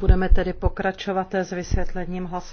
Budeme tedy pokračovat s vysvětlením hlasování.